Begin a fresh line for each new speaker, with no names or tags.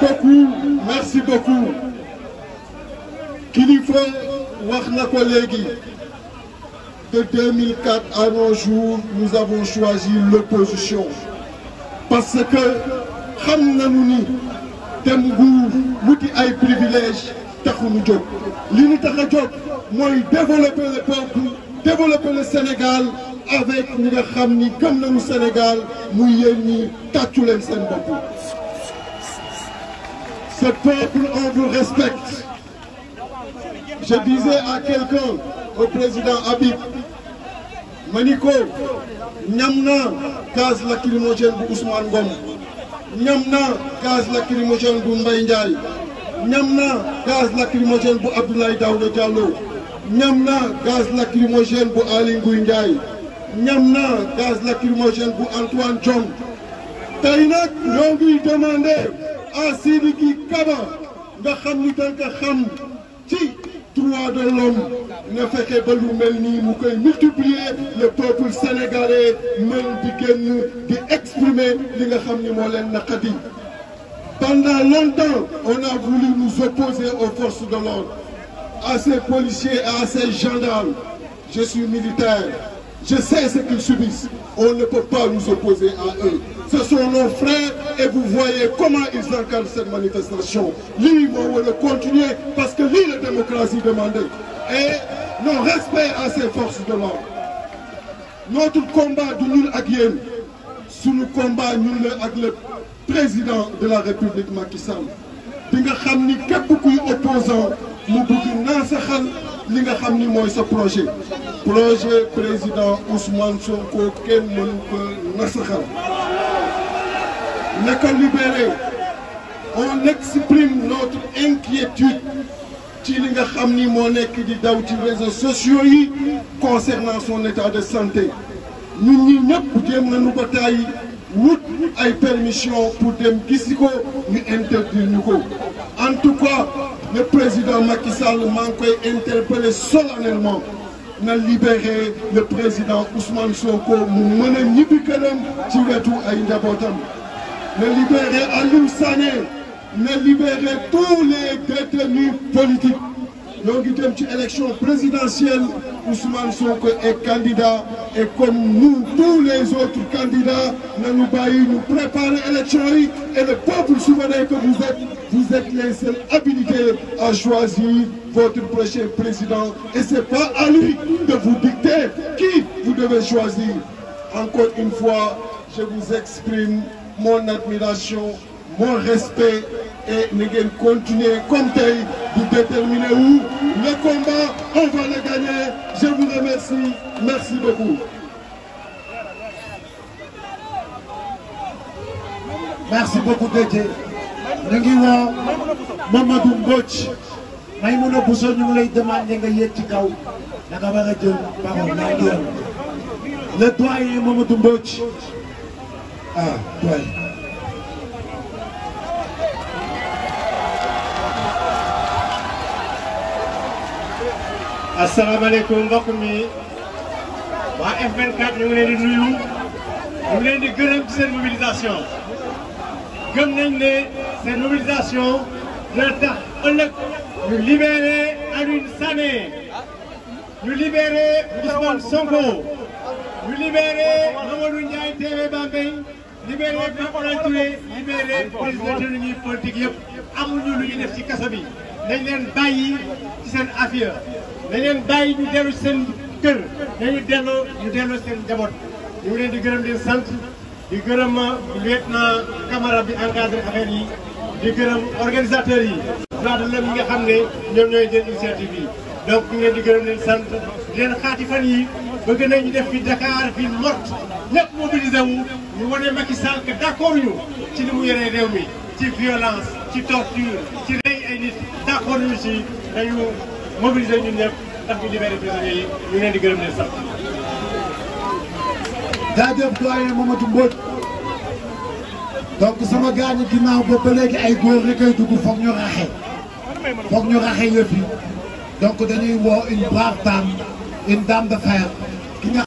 beaucoup merci beaucoup kilifa faut na ko de 2004 à nos jours nous avons choisi l'opposition parce que nous nañu ni dem privilège Privilège, ay privilèges taxuñu jóg li a développer le peuple développer le Sénégal avec nous, comme nous ni Sénégal nous sommes ñi ce peuple, on vous respecte. Je disais à quelqu'un, au président Habib, Maniko, Nyamna, gaz lacrymogène pour Ousmane Gom, Nyamna, gaz lacrymogène de Mbaye Ndiaye, Nyamna, gaz lacrymogène pour Abdoulaye Daouda Diallo, Nyamna, gaz lacrymogène pour Ali Ndiaye, Nyamna, gaz lacrymogène pour Antoine John. Taïnak, nous lui demander à Sidiki Kaba nga xam ni danga xam ci droit de l'homme nga fexe ba lu melni mu koy multiplier le peuple sénégalais même di nous di exprimer li nga xam ni moo naqadi pendant longtemps on a voulu nous opposer aux forces de l'ordre à ces policiers et à ces gendarmes je suis militaire je sais ce qu'ils subissent. On ne peut pas nous opposer à eux. Ce sont nos frères et vous voyez comment ils encadrent cette manifestation. Lui, on le continuer parce que lui, la démocratie demandait. Et non respect à ces forces de l'ordre. Notre combat de nul à sous le combat nul avec le président de la République Macky Sall. Nous avons opposant, nous ce projet projet président Ousmane Sonko kenn nous ko Nous sommes libérés. on exprime notre inquiétude ci li sociaux concernant son état de santé Nous ne pouvons pas nous permission pour dem interdire en tout cas le président Macky Sall m'a solennellement na libérer le président Ousmane Sonko mu mën a ñibbi ci wetu ay njabootam na libérer Alou Sané na libérer tous les détenus politiques ñoo ngi dem ci élection présidentielle Ousmane Sonko est candidat et comme nous, tous les autres candidats, nous nous baillons, nous préparons l'élection et le peuple souverain que vous êtes, vous êtes les seuls habilités à choisir votre prochain président. Et ce n'est pas à lui de vous dicter qui vous devez choisir. Encore une fois, je vous exprime mon admiration, mon respect et nous allons continuer comme de déterminer où le combat, on va le gagner. Je vous remercie. Merci beaucoup. Merci beaucoup Dédé. ñu ngi Mamadou Mbodj
may mun a Bousso ñu lay demandé nga ci kaw da nga est parole
le doyen Mamadou Dumboch. ah doyen.
alaikum, mbokk mi F24 ñu di nuyu ñu di gërëm ci mobilisation gëm nañ mobilisation dina tax ëllëg ñu libéré Aline Sané ñu libéré Ousmane Sonko ñu libéré Mamadou Ndiaye TV Bambey libéré président de politique yëpp amuñu lu ñu def ci kaso bi nañ na leen bàyyi ñu dellu seen kër nañu delloo ñu delloo seen njaboot ñu ngi leen di gërëm di sant di gërëm lieutenant Camara bi encadré affaire yi di gërëm organisateurs yi droit de l'homme yi ne ñoom ñooy jël initiative leen di gërëm leen sant di leen xaati fan yi bëgg nañu def fi Dakar fi morte ñëpp mobilisé wu ñu wane Macky Sall que d'accord ñu ci li mu réew mi ci violence ci torture ci rey ay nit d'accord ñu si dañu mobiliser ñun ñëpp ndax ñu libéré prisonniers di gërëm leen sax.
jaajëf doyen donc sama gaañu ginnaaw ba ba ay góor rek ay dugg foog ñu raxe foog ñu raxe yëpp yi donc dañuy woo une brave dame une dame